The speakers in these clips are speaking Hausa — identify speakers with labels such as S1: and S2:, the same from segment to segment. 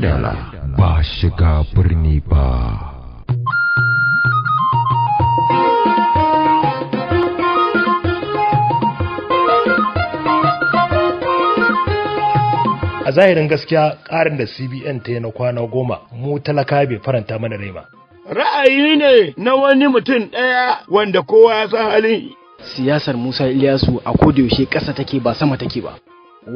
S1: dala ba shiga birni ba a zahirin gaskiya ƙarin da cbn ta yi na kwana goma mu talaka bai faranta
S2: mana rai ba
S3: ra'ayi ne na wani mutum ɗaya wanda kowa ya san halin
S2: siyasar musa iliyasu a kodayaushe ƙasa take ba sama take ba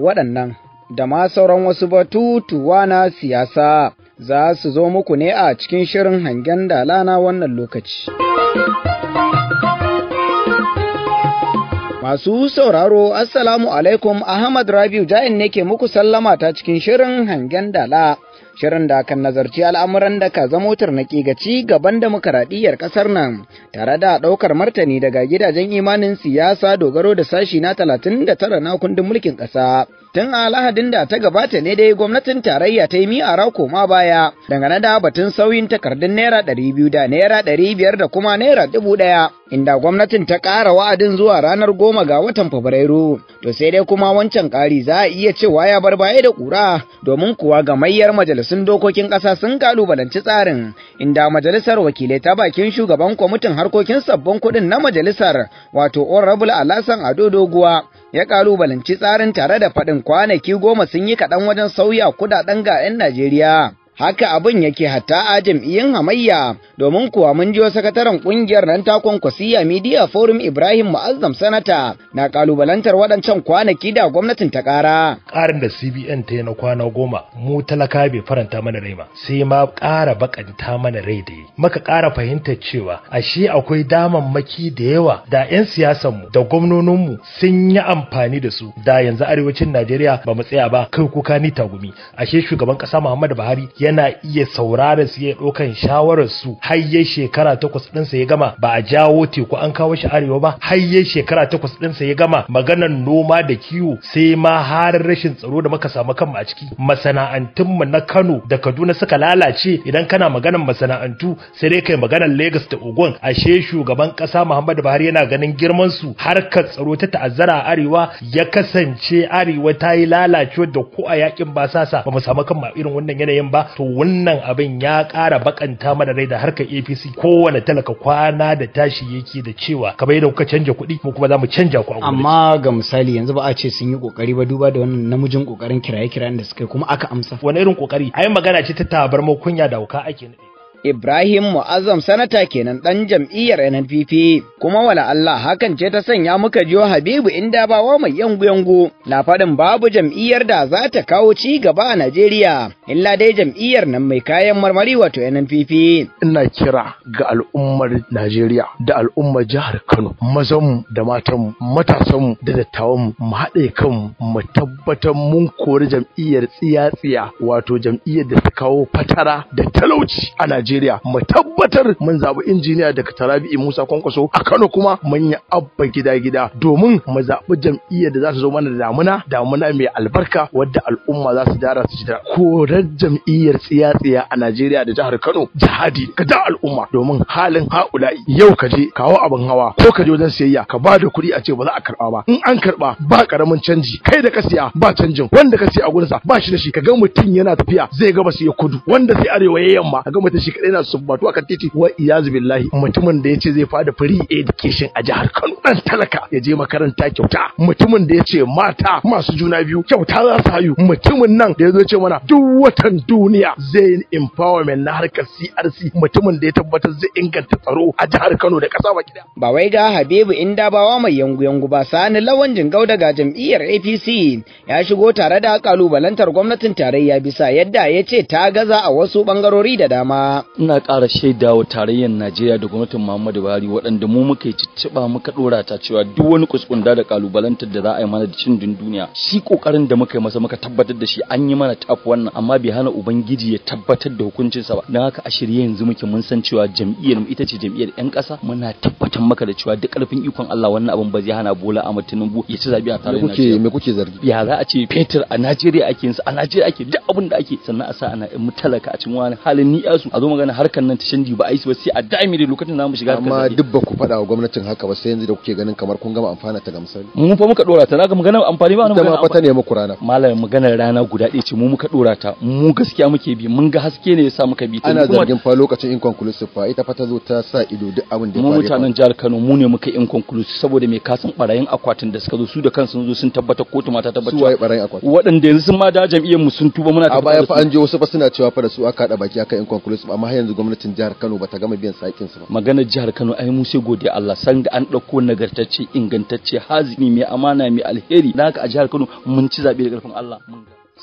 S4: waɗannan da ma sauran wasu batutuwa na siyasa za su zo muku ne a cikin shirin hangen dalana wannan lokaci. Masu sauraro, Assalamu alaikum, Ahmad Rabiu Ja'in ne ke muku sallama ta cikin shirin hangen dala. Shirin da kan nazarci al'amuran da ka zamo tarnaƙi ga ci gaban demokaradiyyar ƙasar nan, tare da ɗaukar martani daga gidajen imanin siyasa dogaro da sashi na talatin da tara na kundin mulkin ƙasa. Tun a lahadin da ta gabata ne dai gwamnatin tarayya ta yi miyara koma baya dangane da batun sauyin takardun naira ɗari biyu da naira ɗari biyar da kuma naira dubu ɗaya. Inda gwamnatin ta ƙara wa'adin zuwa ranar goma ga watan Fabrairu, to sai dai kuma wancan ƙari za a iya cewa ya bar baya da ƙura domin kuwa ga gamayyar majalisun dokokin ƙasa sun kalubalanci tsarin, inda majalisar wakilai ta bakin shugaban kwamitin harkokin sabbin kuɗin na majalisar wato Honorable Alasan Ado Doguwa ya ƙalubalanci tsarin tare da faɗin kwanaki goma sun yi kaɗan wajen sauya kuɗaɗen ga 'yan Najeriya. Haka abin yake hatta a jam'iyyun hamayya domin kuwa mun jiyo sakataren ƙungiyar nan ta kwankwasiya Media Forum Ibrahim Mu'azzam Sanata na kalubalantar waɗancan kwanaki da gwamnatin ta ƙara. Ƙarin
S1: da CBN ta yi na kwana goma mu talaka bai faranta mana rai ba sai ma ƙara bakanta mana rai da yi. Maka ƙara fahimtar cewa ashe akwai maki da yawa da 'yan siyasanmu da gwamnoninmu sun yi amfani da su da yanzu arewacin Najeriya ba mu tsaya ba kai kuka ni tagumi ashe shugaban ƙasa Muhammadu Buhari yana iya sauraron su ya ɗaukan shawarar su har ya shekara takwas ɗinsa ya gama ba a jawo teku an kawo shi arewa ba har ya shekara takwas ɗinsa ya gama maganar noma da kiwo sai ma har rashin tsaro da muka samu kanmu a ciki masana'antun mu na Kano da Kaduna suka lalace idan kana maganar masana'antu sai dai kai maganar Lagos da Ogun ashe shugaban kasa Muhammadu Buhari yana ganin girman su harkar tsaro ta ta'azzara a arewa ya kasance arewa ta yi lalace da ko a yakin basasa ba mu samu kanmu a irin wannan yanayin ba to wannan abin ya kara bakanta mana rai da harkar APC kowane talaka kwana da tashi yake da cewa kamar yadda kuka canja
S4: kuɗi mu kuma za mu canja ku amma ga misali yanzu ba a ce sun yi kokari ba duba da wannan namijin kokarin kiraye kiraye da suka yi kuma aka amsa wani irin kokari ai magana ce ta tabar kunya da wuka ake nade Ibrahim Mu'azzam sanata kenan ɗan jam'iyyar NNPP kuma wala Allah hakan ce ta sanya muka jiyo Habibu inda bawa mai yangu-yangu na faɗin babu jam'iyyar da za ta kawo ci gaba a Najeriya illa dai jam'iyyar nan mai kayan marmari wato NNPP. Ina kira ga al'ummar Najeriya da al'ummar jihar Kano mazanmu
S5: da matanmu matasanmu da dattawan mu haɗe kan mu tabbatar mun kori jam'iyyar tsiya-tsiya wato jam'iyyar da ta kawo fatara da talauci a Najeriya mu tabbatar mun zaɓi injiniya daga Tarabi'i Musa Kwankwaso a Kano kuma mun yi abba gida gida domin mu zabi jam'iyyar da za su zo mana da damuna damuna mai albarka wadda al'umma za su dara su ji da korar jam'iyyar tsiya-tsiya a Najeriya da jihar Kano jihadi ka da al'umma domin halin ha'ula'i yau ka je kawo abin hawa ko ka je wajen siyayya ka ba da kuɗi a ce ba za a karɓa ba in an karɓa ba karamin canji kai da ka siya ba canjin wanda ka siya a gurinsa ba shi da shi ka ga mutum yana tafiya zai gaba sai kudu wanda sai arewa ya yamma ka ga mutum shi kadai na sumbatu akan titi wa iyazu billahi mutumin da ya ce zai fada free education a jihar Kano dan talaka ya je makaranta kyauta mutumin da yace mata masu juna biyu kyauta za su hayu mutumin nan da ya zo ce mana duk watan duniya zai empowerment na harkar CRC mutumin da ya tabbatar zai inganta tsaro a jihar Kano da kasa baki
S4: ba wai ga Habibu wa mai yangu-yangu ba sani lawan jingau daga jam'iyyar APC ya shigo tare da kalubalantar gwamnatin tarayya bisa yadda ya ce ta gaza a wasu bangarori da dama.
S6: ina ƙara shaidawa tarayyar Najeriya da gwamnatin Muhammadu Buhari waɗanda mu muka yi cicciɓa muka ɗora ta cewa duk wani kuskunda da kalubalantar da za a yi mana da cin duniya shi ƙoƙarin da muka yi masa muka tabbatar da shi an yi mana taf wannan amma bai hana ubangiji ya tabbatar da hukuncinsa ba don haka a shirye yanzu muke mun san cewa jam'iyyar mu ita ce jam'iyyar 'yan ƙasa muna tabbatar maka da cewa duk ƙarfin ikon Allah wannan abin ba zai hana Bola Ahmed Tinubu ya ci zabi a tarayyar Najeriya. Me kuke zargi? Ya za a ce fetur a Najeriya ake yin a Najeriya ake duk abin da ake sannan a sa ana mutalaka a cikin wani halin ni'asu a zo magana harkar nan ta canji ba a yi ba sai a da'imi da lokacin da shiga harkar amma duk ba ku faɗa wa gwamnatin haka ba sai yanzu da kuke ganin kamar kun gama amfana ta misali. mu fa muka dora ta naga magana amfani ba magana ba ta ne muku rana malam maganar rana guda ɗaya ce mu muka dora ta mu gaskiya muke bi mun ga haske ne yasa muka bi ta ana zargin fa lokacin inconclusive fa ita fa ta zo ta sa ido duk abin da ya faru mu mutanen jihar Kano mu ne muka inconclusive saboda me kasan barayin akwatin da suka zo su da kansu sun zo sun tabbatar kotu ma ta tabbatar su waye barayin akwatin waɗanda yanzu sun ma da jami'an mu sun tuba muna tabbatar a baya fa an je wasu fa suna cewa fa da su aka hada baki aka inconclusive amma amma yanzu gwamnatin jihar Kano bata gama biyan sakin su ba magana jihar Kano ai mu sai godiya Allah san da an dauko nagartacce ingantacce hazini mai amana mai alheri naka a jihar Kano mun ci zabe da karfin Allah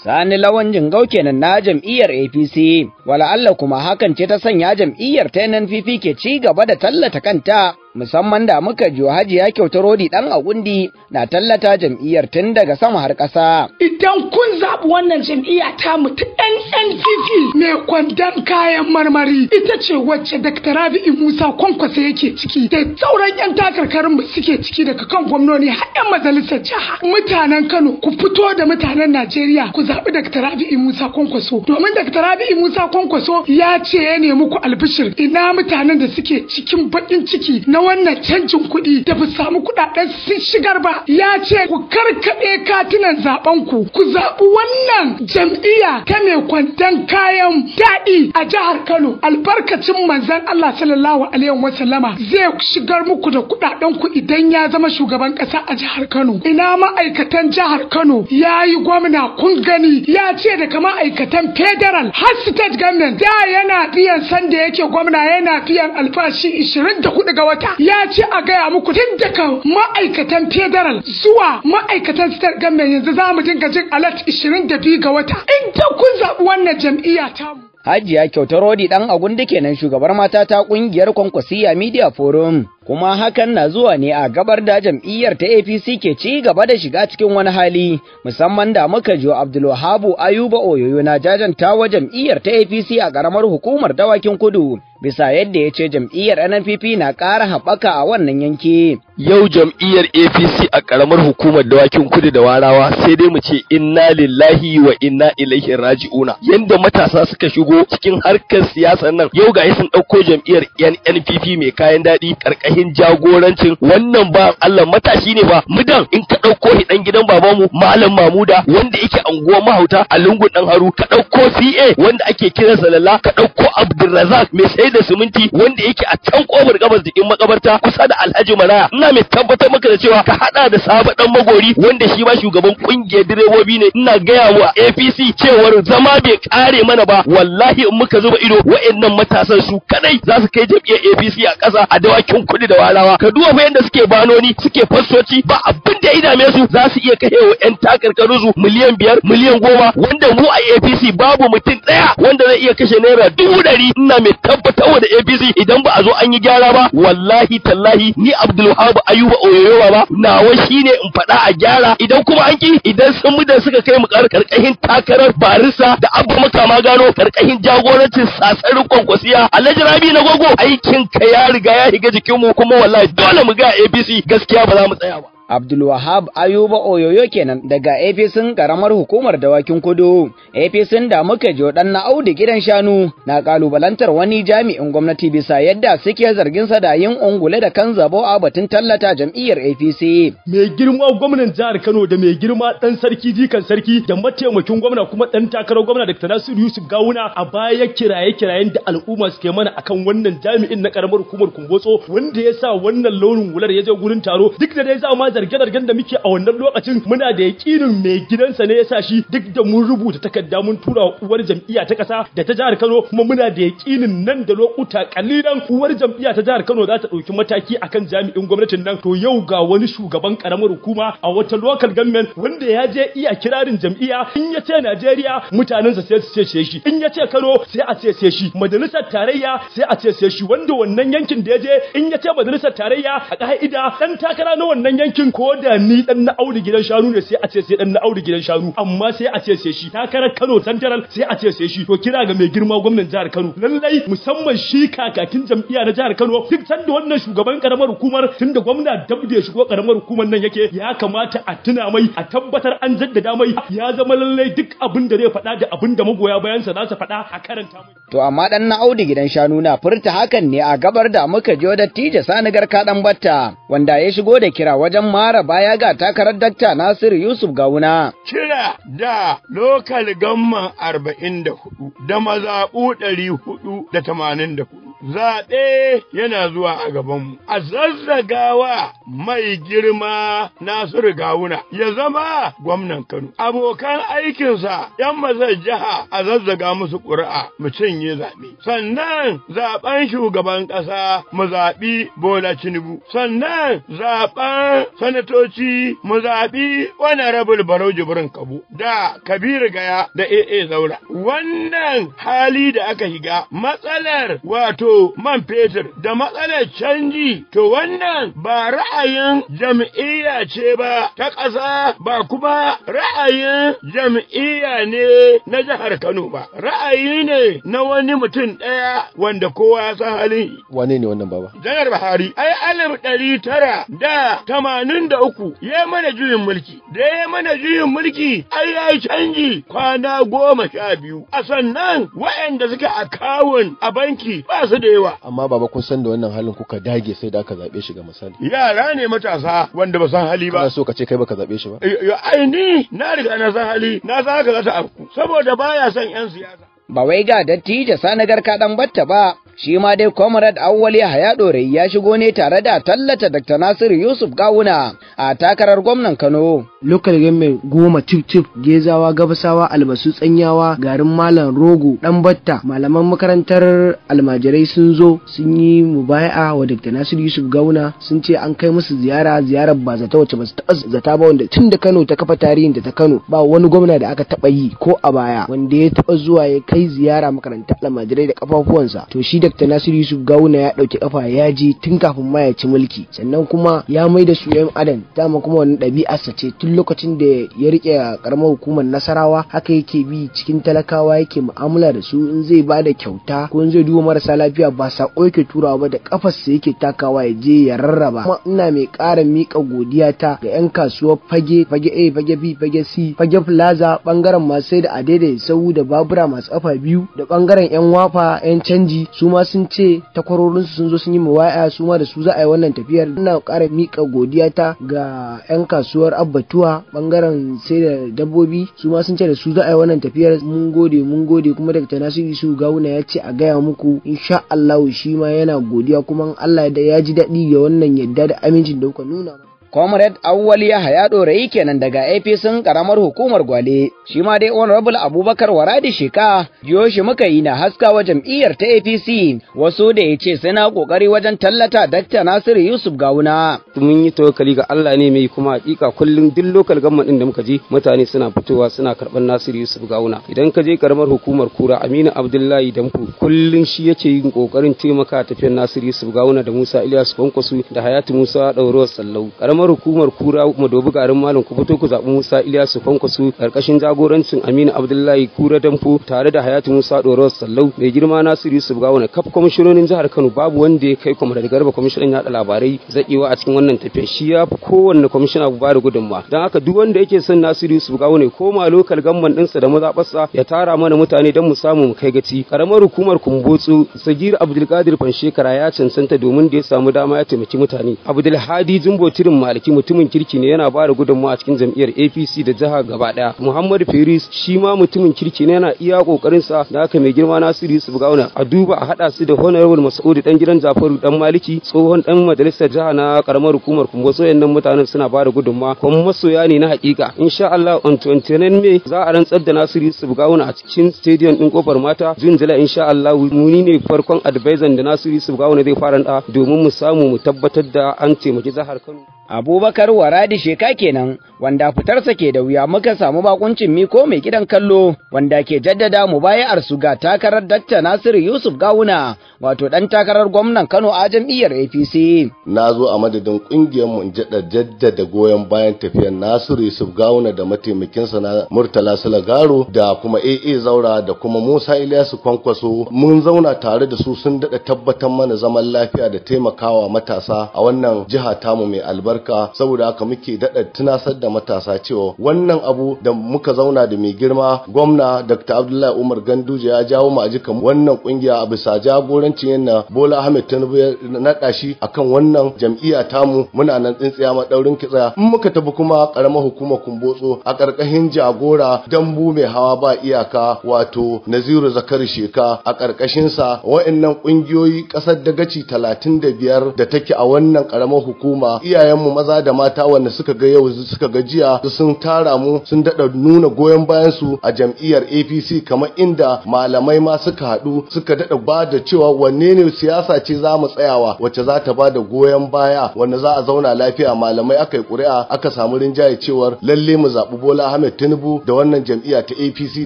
S4: Sani lawan jingau kenan na jam'iyyar APC, wala allah kuma hakan ce ta sanya jam'iyyar ta NNPP ke ci gaba da tallata kanta musamman da muka jiyo hajiya rodi dan agundi na tallata jam'iyyar tun daga sama har ƙasa.
S7: Idan kun zaɓi wannan jam'iyya ta mu ta NNPP mai kwandon kayan marmari ita ce wacce Dr. Rabi'u Musa Kwankwasa yake ciki da sauran 'yan takarkarin mu suke ciki daga kan gwamnoni har 'yan majalisar jiha. Mutanen Kano ku fito da mutanen Najeriya ku zaɓi Dr. Rabi'u Musa Kwankwaso domin Dr. Rabi'u Musa Kwankwaso ya ce ya nemi ku albishir ina mutanen da suke cikin baƙin ciki na wannan canjin kuɗi da bu samu kuɗaɗen sun shigar ba ya ce ku karkaɗe katunan zaben ku ku zaɓi wannan jam'iyya ta mai kwantan kayan daɗi a jihar Kano albarkacin manzon Allah sallallahu alaihi wasallama zai shigar muku da kuɗaɗen ku idan ya zama shugaban ƙasa a jihar Kano ina ma'aikatan jihar Kano ya yi gwamna kun gani ya ce daga ma'aikatan federal har state government da yana biyan sanda yake gwamna yana biyan albashi 24 ga wata ya ce a gaya muku tun daga ma'aikatan federal zuwa ma'aikatan state government yanzu za mu dinga jin alert 22 ga wata inda kun zaɓi wannan jam'iyya tamu.
S4: Hajiya kyautar Rodi ɗan agundi kenan shugabar mata ta ƙungiyar Kwankwasiya Media Forum. Kuma hakan na zuwa ne a gabar da jam'iyyar ta APC ke ci gaba da shiga cikin wani hali musamman da muka jiwa Abdulwahabu Ayuba Oyoyo na jajanta wa jam'iyyar ta APC a ƙaramar hukumar dawakin kudu. bisa yadda ya ce jam'iyyar NNPP na ƙara haɓaka a wannan yanki. Yau
S8: jam'iyyar APC a ƙaramar hukumar dawakin kudu da warawa sai dai mu ce inna lillahi wa inna ilaihi raji'una. Yanda matasa suka shigo cikin harkar siyasar nan yau ga sun ɗauko jam'iyyar NNPP mai kayan daɗi ƙarƙashin jagorancin wannan ba Allah matashi ne ba mudan in ka ɗauko shi gidan babanmu Malam Mamuda wanda yake unguwar mahauta a lungun ɗan haru ka ɗauko CA wanda ake kiransa lalla ka ɗauko Abdulrazak mai sai da siminti wanda yake a can kofar gabas jikin makabarta kusa da Alhaji Maraya ina mai tabbatar maka da cewa ka hada da Sabo dan Magori wanda shi ma shugaban kungiyar direbobi ne ina gaya wa APC cewar zama bai kare mana ba wallahi in muka zuba ido wa'annan matasan su kadai za su kai jam'iyyar APC a ƙasa a dawakin kuɗi da walawa ka duba yadda suke banoni suke fassoci ba abin da ya dame su za su iya kashe wa 'yan su miliyan biyar miliyan goma wanda mu a APC babu mutum ɗaya wanda zai iya kashe naira dubu dari, ina mai tabbatar saboda APC idan ba a zo an yi gyara ba wallahi tallahi ni Abdul Wahab Ayuba Oyoyowa ba nawa shine in faɗa a gyara idan kuma an ki idan sun suka kai mu karkashin takarar barisa da abba makama gano karkashin jagorancin sasarin kwankwasiya Alhaji Rabi na gogo aikin ka ya riga
S4: ya shiga mu kuma wallahi dole mu ga APC gaskiya ba za mu tsaya ba Abdulwahab Ayuba Oyoyo kenan daga APC karamar hukumar dawakin kudu. APC da muka ji na Audu gidan shanu na kalubalantar wani jami'in gwamnati bisa yadda suke zargin sa da yin ungule da kan zabo a batun tallata jam'iyyar APC.
S9: Mai girma gwamnan jihar Kano da mai girma Ɗan sarki jikan sarki da mataimakin gwamna kuma Ɗan takarar gwamna Dr. Nasir Yusuf Gawuna a baya ya kiraye kirayen da al'umma suke mana akan wannan jami'in na karamar hukumar Kungotso wanda ya sa wannan launin wular ya je gurin taro duk da dai za ma zargen da muke a wannan lokacin muna da yakinin mai gidansa ne ya sa shi duk da mun rubuta takarda mun tura uwar jam'iyya ta kasa da ta jihar Kano kuma muna da yakinin nan da lokuta kalilan uwar jam'iyya ta jihar Kano za ta dauki mataki akan jami'in gwamnatin nan to yau ga wani shugaban karamar hukuma a wata local government wanda ya je iya kirarin jam'iyya in ya ce Najeriya mutanensa sai su ce shi in ya ce Kano sai a ce sai shi majalisar tarayya sai a ce sai shi wanda wannan yankin da ya je in ya ce majalisar tarayya a ka'ida dan takara na wannan yankin shin ko da ni dan na auri gidan shanu ne sai a ce sai dan na auri gidan shanu amma sai a ce sai shi takarar Kano tantaral sai a ce sai shi to kira ga mai girma gwamnatin jihar Kano lallai musamman shi kakakin jam'iyya na jihar Kano duk san da wannan shugaban karamar hukumar tunda gwamna dabde shigo karamar hukumar nan yake ya kamata a tuna mai a tabbatar an jaddada mai ya zama lallai duk abin da zai faɗa da abin da magoya sa za su faɗa a karanta mai
S4: to amma dan na audi gidan shanu na furta hakan ne a gabar da muka jiyo da tije sanigar kadan batta wanda ya shigo da kira wajen mara baya ga takarar dakta Nasiru Yusuf Gawuna.
S3: Kira da lokal gamman arba'in da hudu da mazaɓu ɗari hudu da tamanin da hudu. zaɓe yana zuwa a gabanmu, a zazzagawa mai girma Nasiru Gawuna ya zama gwamnan Kano. Abokan aikinsa ‘yan mazar jiha a zazzaga musu ƙuri'a mu cinye zaɓe. Sannan zaɓen shugaban ƙasa mu zaɓi Bola Tinubu. Sannan zaɓen sanatoci mu zaɓi Honorable Barau jibirin Kabo da Kabiru Gaya da AA Zaura. Wannan hali da aka shiga matsalar wato man fetur da matsalar canji to wannan ba ra'ayin jam'iyya ce ba ta ƙasa ba kuma ra'ayin jam'iyya ne na jihar Kano ba ra'ayi ne na wani mutum ɗaya wanda kowa ya san halin wane ne wannan baba janar Buhari ai alif ɗari tara da tamanin da uku ya mana juyin mulki da ya mana juyin mulki ai ya canji kwana goma sha biyu a sannan waɗanda suke akawun a banki ba su da yawa
S6: amma baba kun san da wannan halin kuka dage sai da aka zabe shi ga misali
S3: yara ne matasa
S4: wanda ba san hali ba kana so ka ce kai baka zabe shi ba
S3: eh, eh, ai ni na riga na san hali na san haka za
S10: ta afku saboda baya son yan siyasa
S4: ba wai ga datti da ka dan batta ba shi ma dai comrade awwali yahaya dore ya shigo ne tare da tallata dr Nasir yusuf gawuna a takarar gwamnan kano
S11: local government goma tip tip gezawa gabasawa albasu tsanyawa garin malam rogo dan batta malaman makarantar almajirai sun zo sun yi mubaya'a wa dr Nasir yusuf gawuna sun ce an kai musu ziyara ziyarar ba zata wacce ba su taɓa zata ba wanda tun da kano ta kafa tarihin da ta kano ba wani gwamna da aka taɓa yi ko a baya wanda ya taba zuwa ya kai ziyara makarantar almajirai da kafafuwansa to shi dr nasiru yusuf gawuna ya ɗauki kafa ya je tun kafin ma ya ci mulki sannan kuma ya mai da su yan adam dama kuma wani ɗabi'arsa ce tun lokacin da ya rike karamar hukumar nasarawa haka yake bi cikin talakawa yake mu'amala da su in zai ba da kyauta ko in zai duba marasa lafiya ba sako yake turawa ba da kafarsa yake takawa ya je ya rarraba kuma ina mai ƙara miƙa godiya ta ga 'yan kasuwar fage fage a fage b fage c fage plaza bangaren masu sai da adaidaisau da babura masu kafa biyu da bangaren 'yan wafa 'yan canji su ma sun ce su sun zo sun yi muwaya su ma da su za a yi wannan tafiyar ina ƙara miƙa godiya ta ga 'yan kasuwar abbatuwa bangaren sai da dabbobi su ma sun ce da su za a yi wannan tafiyar mun gode mun gode kuma daga yi su gauna ya ce a gaya muku insha Allah shi ma yana godiya kuma Allah ya ji daɗi ga wannan yadda da amincin da kuka nuna
S4: Comrade Awwal Yahaya Dorayi kenan daga APC karamar hukumar Gwale. Shi ma dai Honorable Abubakar Waradi Shika jiyo shi muka yi na haska haskawa jam'iyyar ta APC wasu da ya ce suna kokari wajen tallata Dr. Nasiru Yusuf Gawuna.
S12: Mun yi tawakkali ga Allah ne mai kuma hakika kullum duk lokal government din da muka je mutane suna fitowa suna karban Nasiru Yusuf Gawuna. Idan ka je karamar hukumar Kura Aminu Abdullahi Damku kullum shi yake yin kokarin taimaka tafiyar Nasir Yusuf Gawuna da Musa Ilyas Kwankwasu da Hayatu Musa Dauro Sallau. Karamar karamar hukumar kura madobi garin malam ku fito ku zaɓi musa ilyasu kwankwaso karkashin jagorancin aminu abdullahi kura danfo tare da hayatu musa ɗorawa sallau mai girma nasiru yusuf gawana kaf kwamishinonin jihar kano babu wanda ya kai da garba kwamishinan yaɗa labarai zaƙewa a cikin wannan tafiya shi ya fi kowanne kwamishina ba da gudunma don haka duk wanda yake son nasiru yusuf gawana koma lokal din sa da mazaɓarsa ya tara mana mutane don mu samu mu kai gaci karamar hukumar kumbotsu sagir abdulkadir shekara ya cancanta domin da ya samu dama ya taimaki mutane abdulhadi jumbo tirin maliki mutumin kirki ne yana bada gudunmu a cikin jam'iyyar apc da jiha gaba daya muhammad firis shi ma mutumin kirki ne yana iya kokarin sa da aka mai girma nasiru yusuf gauna a duba a hada su da honorable mas'udi dan gidan jafaru dan maliki tsohon dan majalisar jiha na karamar hukumar kuma so yannan mutanen suna bada gudunmawa kuma masoya ne na hakika insha Allah on 29 May za a rantsar da nasiru yusuf gauna a cikin stadium din kofar mata jun jula insha Allah muni ne farkon advisor da nasiru yusuf gauna zai fara da domin mu samu mu tabbatar da an taimaki jihar Kano Abubakar
S4: Waradi Sheka kenan wanda fitarsa ke da wuya muka samu bakuncin miko mai gidan kallo wanda ke jaddada mubaya'ar su ga takarar Dr. Nasiru Yusuf Gawuna wato dan takarar gwamnan Kano a jam'iyyar APC. Na zo a madadin kungiyar mu jaddada
S13: goyon bayan tafiyar Nasiru Yusuf Gawuna da mataimakinsa na Murtala Salagaro da kuma AA Zaura da kuma Musa Ilyasu Kwankwaso mun zauna tare da su sun daɗa tabbatar mana zaman lafiya da taimakawa matasa a wannan jiha tamu mai albarka. albarka saboda haka muke daɗa tunasar da matasa cewa wannan abu da muka zauna da mai girma gwamna dr abdullahi umar ganduje ya jawo mu a jikan wannan kungiya a bisa jagorancin yana bola ahmed tinubu ya naɗa shi akan wannan jam'iyya tamu muna nan tsintsiya maɗaurin kitsa in muka tafi kuma ƙaramar hukumar kumbotso a ƙarƙashin jagora dambu mai hawa ba iyaka wato naziru zakari sheka a ƙarƙashinsa wa'annan ƙungiyoyi ƙasar dagaci talatin da biyar da take a wannan ƙaramar hukuma iyayen mu maza da mata wanda suka ga yau suka ga jiya sun tara mu sun dada nuna goyon bayan su a jam'iyyar APC kamar inda malamai ma suka haɗu suka dada ba da cewa wanne ne siyasa ce za mu tsayawa wacce za ta ba da goyon baya wanda za a zauna lafiya malamai aka yi ƙuri'a aka samu rinjaye cewar lalle mu zaɓi Bola Ahmed Tinubu da wannan jam'iyya ta APC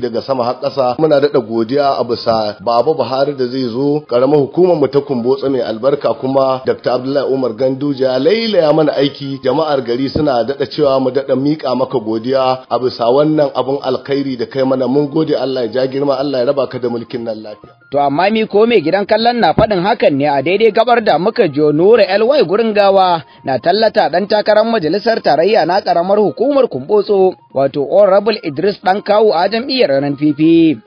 S13: daga sama har ƙasa muna dada godiya a bisa Baba Buhari da zai zo karamar hukumar mu ta Kumbotsa mai albarka kuma Dr. Abdullahi Umar Ganduja lailaya mana aiki aiki jama'ar gari suna daɗa cewa mu daɗa miƙa maka godiya a bisa wannan abun alkhairi da kai mana mun gode Allah ya ja girma Allah ya raba ka da mulkin nan lafiya.
S4: To amma mi ko me gidan kallon na faɗin hakan ne a daidai gabar da muka jo Nura LY gurin gawa na tallata ɗan takarar majalisar tarayya na ƙaramar hukumar Kumbotso wato honorable idris dan kawo a jam'iyyar nnpp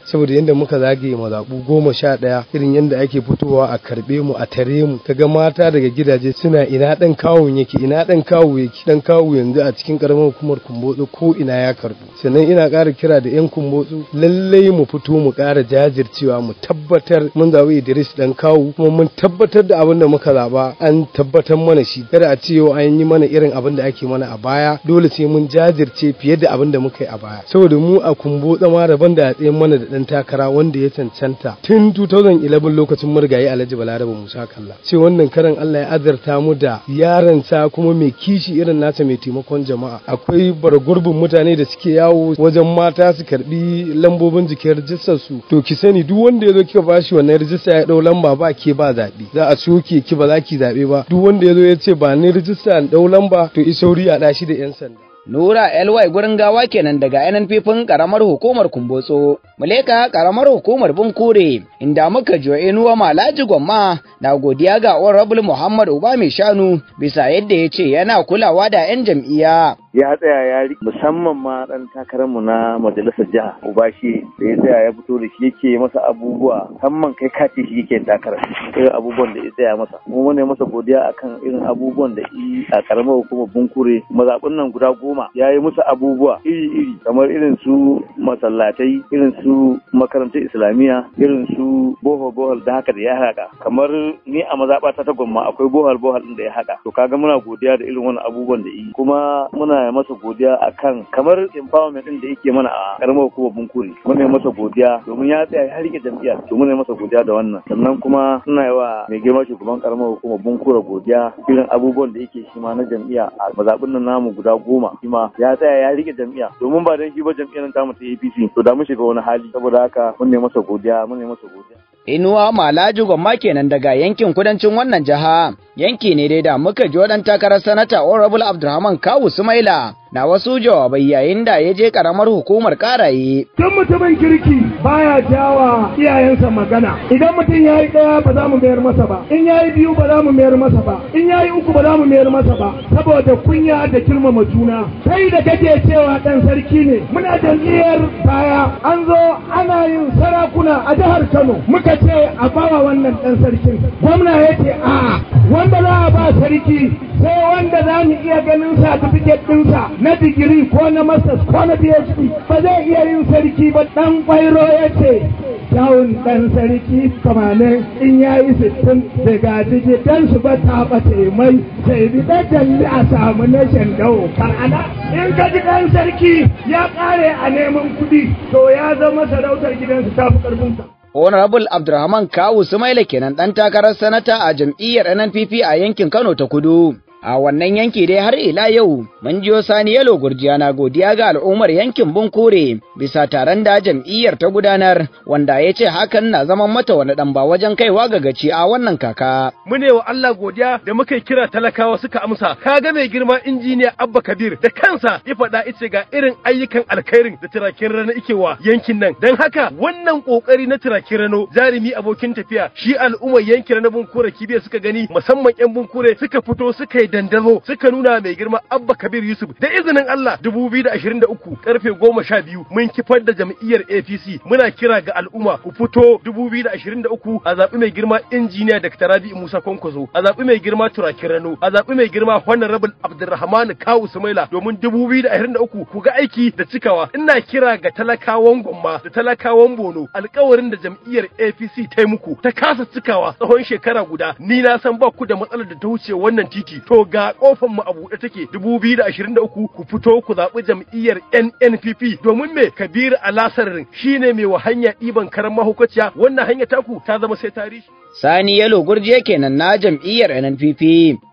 S4: saboda yadda muka zage mazaɓu goma sha ɗaya irin yadda ake fitowa a
S14: karɓe mu a tare mu kaga mata daga gidaje suna ina ɗan kawo yake ina ɗan kawo yake ɗan kawo yanzu a cikin ƙaramar hukumar kumbotsu ko ina ya karɓu sannan ina ƙara kira da 'yan kumbotsu lallai mu fito mu ƙara jajircewa mu tabbatar mun zaɓi idris dan kawo kuma mun tabbatar da abin da muka zaɓa an tabbatar mana shi kada a ce an yi mana irin abin da ake mana a baya dole sai mun jajirce fiye da abin da muka yi a baya saboda mu a kumbo tsama ban da tsaye mana da dan takara wanda ya cancanta tun 2011 lokacin marigayi Alhaji Balaraba Musa Kalla sai wannan karan Allah ya azarta mu da sa kuma mai kishi irin nasa mai taimakon jama'a akwai bargurbin mutane da suke yawo wajen mata su karbi lambobin jikin rajistar su to ki sani duk wanda ya zo kika bashi wannan rajista ya dau lamba ba ke ba zaɓe za a soke ki ba za ki zaɓe ba duk wanda ya zo ya ce ba ni rajista in dau lamba to isauri a ɗashi da 'yan sanda
S4: Nura LY gurin gawa kenan daga yanan karamar hukumar Kumbotso, Muleka karamar hukumar Bunkure, inda muka jo inuwa Malaji Gwamma na godiya ga Honorable Muhammad Uba mai shanu bisa yadda ya ce yana kulawa da 'yan jam'iyya.
S10: Ya tsaya ya musamman ma ɗan takararmu na majalisar jiha shi da ya tsaya ya fito da shi yake masa abubuwa musamman kai ce shi yake takara irin abubuwan da ya tsaya masa. Kuma ne masa godiya akan irin abubuwan da a karamar hukumar Bunkure mazaɓin nan guda goma sama ya yi musu abubuwa iri-iri kamar irin su masallatai irin su makarantar islamiyya irin su bohol bohol da haka da ya haka kamar ni a mazaɓa ta gwamma akwai bohol bohol da ya haka to kaga muna godiya da irin wani abubuwan da yi kuma muna masa godiya akan kamar empowerment din da yake mana a karamar hukumar bunkuri muna masa godiya domin ya tsaya har rike jam'iyya to muna masa godiya da wannan sannan kuma suna yawa mai girma shugaban karamar hukumar bunkura godiya irin abubuwan da yake shi ma na jam'iyya a mazaɓin nan namu guda goma shi ma ya tsaya ya rike jam'iyya domin ba dan shi ba jam'iyyar ta mu APC to da mu shiga wani hali saboda haka mun ne masa godiya mun ne masa godiya
S4: Inuwa Malaji Gwamma kenan daga yankin kudancin wannan jiha yanki ne dai da muka ji waɗan takarar sanata Honorable Abdulrahman Kawu Sumaila na wasu jawabai yayin da ya je karamar hukumar karaye. Don mutumin kirki baya jawa iyayensa magana. Idan mutum
S15: ya yi ɗaya ba za mu mayar masa ba. In ya yi biyu ba za mu mayar masa ba. In ya yi uku ba za mu mayar masa ba. Saboda kunya da girmama juna. Sai da kake cewa ɗan sarki ne. Muna jam'iyyar baya an zo ana yin sarakuna a jihar Kano. Muka ce a bawa wannan ɗan sarkin. Gwamna ya ce a'a wanda za a ba sarki sai wanda za mu iya ganin satifiket ɗinsa na digiri ko na masters ko na phd ba zai iya yin sarki ba dan bairo ya ce kyawun dan sarki kamanin in ya yi sittin daga digitan su ba ta bace mai sai bi dalli a samu dawo kar'ana in ka ji dan sarki ya kare a neman kudi to ya zama sarautar gidansu ta fi ka.
S4: Honorable Abdulrahman Kawu Sumaila kenan ɗan takarar sanata a jam'iyyar NNPP a yankin Kano ta Kudu. A wannan yanki dai har ila yau mun jiyo Sani Yalo Gurjiya na godiya ga al'ummar yankin Bunkure bisa taron da jam'iyyar ta gudanar wanda ya ce hakan na zaman mata wani dan ba wajen kaiwa ga gaci a wannan kaka.
S15: Mune wa Allah godiya da muka kira talakawa suka amsa. Ka ga mai girma injiniya Abba Kabir da kansa ya faɗa ice ga irin ayyukan alkhairin da turakin rana ike wa yankin nan. Don haka wannan kokari na turakin rano jarumi abokin tafiya shi al'ummar yankin na Bunkure kibiya suka gani musamman 'yan Bunkure suka fito suka yi dandazo suka nuna mai girma Abba Kabir Yusuf da izinin Allah 2023 karfe 12 mun kifar da jam'iyyar APC muna kira ga al'umma ku fito 2023 a zaɓi mai girma injiniya Dr. Rabi Musa Kwankwaso a zaɓi mai girma Turakin Rano a zaɓi mai girma Honorable Abdulrahman Kawu Sumaila domin 2023 ku ga aiki da cikawa ina kira ga talakawan Gwamma da talakawan Bono alkawarin da jam'iyyar APC ta yi muku ta kasa cikawa tsawon shekara guda ni na san ba ku da matsalar da ta wuce wannan titi to ga kofar mu a buɗe take 2023 ku fito ku zaɓi jam'iyyar NNPP domin me Kabir Alasarin shine mai wa hanya ɗiban karan mahukaciya wannan hanya taku ta zama sai tarihi.
S4: Sani Yalo Gurje kenan na jam'iyyar NNPP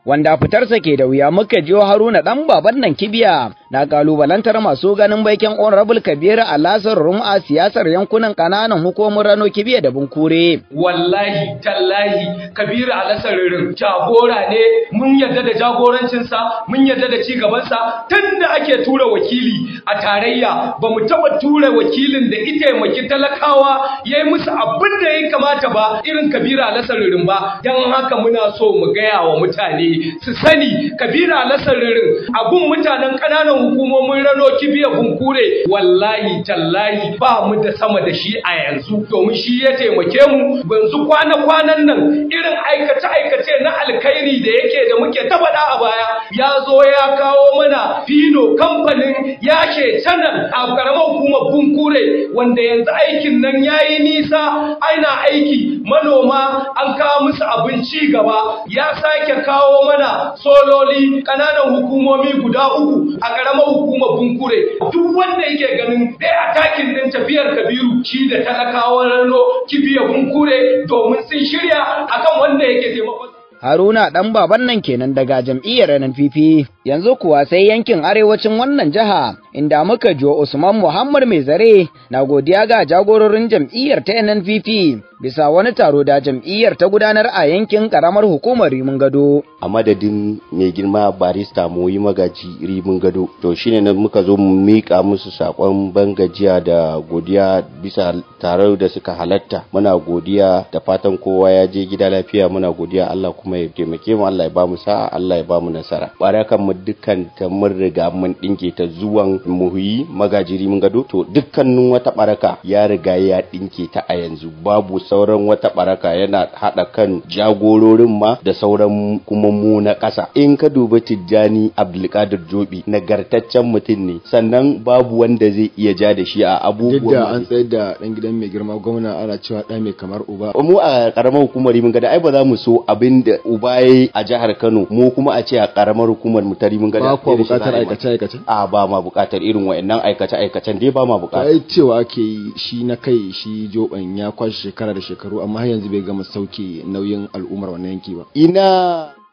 S4: wanda fitarsa ke da wuya muka jiyo Haruna ɗan baban nan kibiya na kalubalantar masu ganin baikin honorable kabiru a lasar rum'a siyasar yankunan kananan hukumar rano kibiya da bunkure
S16: wallahi tallahi kabiru a lasar rin jagora ne mun yarda da jagorancinsa mun yarda da cigabansa tun tunda ake tura wakili a tarayya ba mu taɓa tura wakilin da ita talakawa ya yi musu abin da ya kamata ba irin kabiru a lasar rin ba don haka muna so mu gaya wa mutane su sani kabiru a lasar rin abun mutanen ƙananan Kuma hukumomin rano kibiya kunkure wallahi tallahi ba mu da sama da shi a yanzu domin shi ya taimake mu yanzu kwana-kwanan nan irin aikace-aikace na alkhairi da yake da muke ta a baya ya zo ya kawo mana fino kamfanin yashe canal a karamar hukumar bunkure wanda yanzu aikin nan ya yi nisa aina aiki manoma an kawo musu abinci gaba ya sake kawo mana sololi ƙananan hukumomi guda uku a karamar hukumar bunkure duk wanda yake ganin dai a takin din tafiyar kabiru shi da ta kawo rano kibiyar bunkure domin sun shirya akan wanda yake taimakon
S4: Haruna ɗan baban nan kenan daga jam'iyyar NNPP, yanzu kuwa sai yankin arewacin wannan jiha inda muka jo Usman Muhammad Mai Zare na godiya ga jagororin jam'iyyar ta NNPP, bisa wani taro da jam'iyyar ta gudanar a yankin karamar hukumar Rimin Gado. A
S17: madadin mai girma barista Moyi
S4: Magaji
S17: Rimin Gado, to shine nan muka zo mu miƙa musu saƙon gajiya da godiya bisa taron da suka halatta. Muna godiya da fatan kowa ya je gida lafiya muna godiya Allah kuma kuma ya taimake mu Allah ya ba mu sa'a Allah ya ba mu nasara kan mu dukkan ta mun riga mun dinke ta zuwan muhi magajiri mun gado to dukkanin wata baraka ya riga ya dinke ta a yanzu babu sauran wata baraka yana hada kan jagororin ma da sauran kuma mu na ƙasa in ka duba Tijjani Abdulkadir Jobi nagartaccen mutum ne sannan babu wanda zai iya ja da shi a abubuwan an tsayar da dan gidan mai girma gwamna ana cewa da mai kamar uba mu a karamar hukumar mun gada ai ba za mu so abinda. uba a jihar Kano mu kuma a ce a karamar hukumar mu ta Rimin Gada ba ku bukatar aikace aikace a ba ma bukatar irin wayannan aikace aikacen dai ba ma bukatar ai cewa ake yi shi na kai shi joban ya kwashi shekara da shekaru amma har yanzu bai gama sauke nauyin al'ummar wannan yanki ba
S4: ina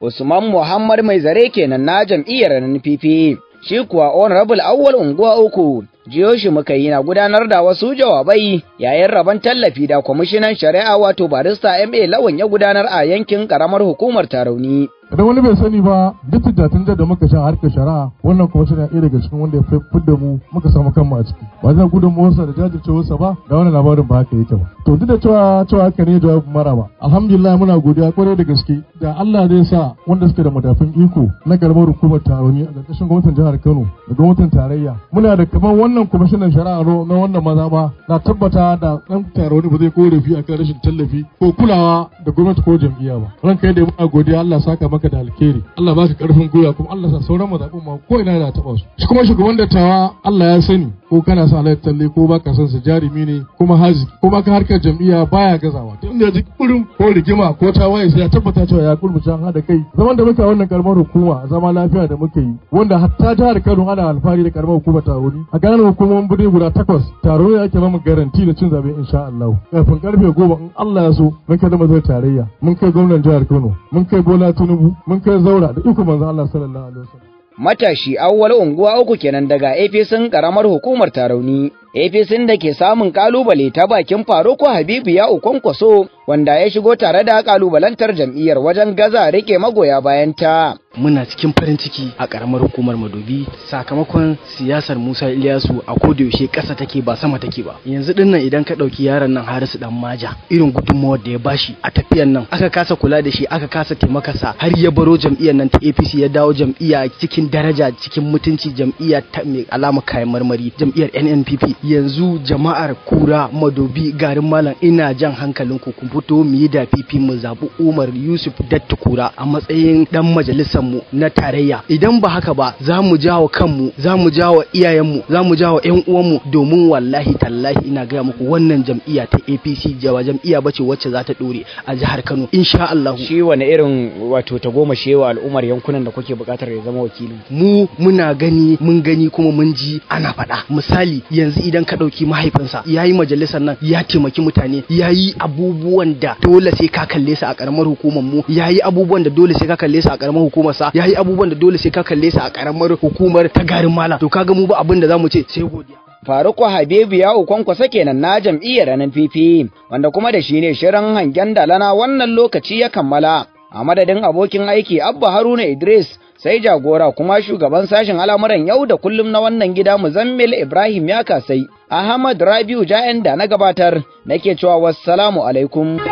S4: Usman Muhammad Mai Zare kenan na jam'iyyar NPP. shi kuwa honorable awwal unguwa uku jiyoshi muka yi na gudanar da wasu jawabai yayin rabon tallafi da kwamishinan shari'a wato barista ma lawan ya gudanar a yankin karamar hukumar tarauni
S18: idan wani bai sani ba duk tijjatin da muka sha harkar shari'a wannan kuma shi ɗaya daga cikin wanda ya fi da mu muka samu kanmu a ciki ba zan gudun motsa da jajircewarsa ba da wani labarin ba haka yake ba to duk da cewa cewa haka ne jawabin mara ba alhamdulillah muna godiya kwarai da gaske da Allah zai sa wanda suke da madafin iko na karamar hukumar taroni a ƙarƙashin gwamnatin jihar Kano da gwamnatin tarayya muna da kamar wannan kwamishinan shari'a na wannan maza ba na tabbata da ɗan taroni ba zai a kan rashin tallafi ko kulawa da gwamnati ko jam'iyya ba ranka yadda muna godiya Allah saka maka maka da alkhairi Allah baka karfin gwiwa kuma Allah sa sauran mazabun ma ko ina da taba su shi kuma shugaban dattawa Allah ya sani ko kana son Allah talle ko baka son su jarumi ne kuma hazi kuma ka harkar jam'iyya baya gazawa tun da ji kurin ko rigima ko ta waye sai ya tabbata cewa ya can hada kai zaman da muka wannan karamar hukuma zama lafiya da muka yi wanda hatta jihar Kano ana alfahari da karamar hukuma wuri a ganin hukumomin birni guda takwas taro ya ake mamu garanti da cin zabe insha Allah kafin karfe goma in Allah ya so mun da mazar tarayya mun kai gwamnan jihar Kano mun kai Bola Tinubu abu mun kai zaura da iko manzo Allah sallallahu alaihi wasallam
S4: matashi awwal unguwa uku kenan daga APC karamar hukumar Tarauni APC da ke samun kalubale ta bakin Faruku Habibu ya ukonkwaso wanda ya shigo tare da kalubalantar jam'iyyar wajen gaza rike magoya bayan ta.
S2: Muna cikin farin ciki a karamar hukumar Madobi sakamakon siyasar Musa Ilyasu a yaushe ƙasa take ba sama take ba. Yanzu dinnan idan ka ɗauki yaron nan Harisu dan Maja irin gudunmawar da ya bashi a tafiyan nan aka kasa kula da shi aka kasa taimakasa har ya baro jam'iyyar nan ta APC ya dawo jam'iyya cikin daraja cikin mutunci jam'iyya ta mai alama kayan marmari jam'iyyar NNPP yanzu jama'ar kura madobi garin malam ina jan hankalin ku ku fito mu yi dafifi mu zabi Umar Yusuf datti Kura a matsayin dan majalisar mu na tarayya idan ba haka ba za mu jawo kanmu za mu jawo iyayenmu za mu jawo yan uwanmu domin wallahi tallahi ina gaya muku wannan jam'iyya ta APC jawa jam'iyya bace wacce za ta dore a jihar Kano insha Allah
S4: shi wani irin wato ta goma shewa al'umar yankunan da kuke buƙatar ya zama wakili
S2: mu muna gani mun gani kuma mun ji ana faɗa misali yanzu idan ka ɗauki mahaifinsa ya yi majalisar nan ya taimaki mutane ya yi abubuwan da dole sai ka kalle su a ƙaramar hukumar mu ya yi abubuwan da dole sai ka kalle su a ƙaramar hukumar sa ya yi abubuwan da dole sai ka kalle su a ƙaramar hukumar ta garin malam to kaga mu ba abin da zamu ce sai godiya
S4: Faruku Habibu ya kwasa kenan na jam'iyyar NPP wanda kuma da shi ne shirin hangen dalana wannan lokaci ya kammala a madadin abokin aiki Abba Haruna Idris sai jagora kuma shugaban sashen al'amuran yau da kullum na wannan gida muzammil ibrahim ya kasai ahmad rabiu ja'en da na gabatar nake cewa wassalamu alaikum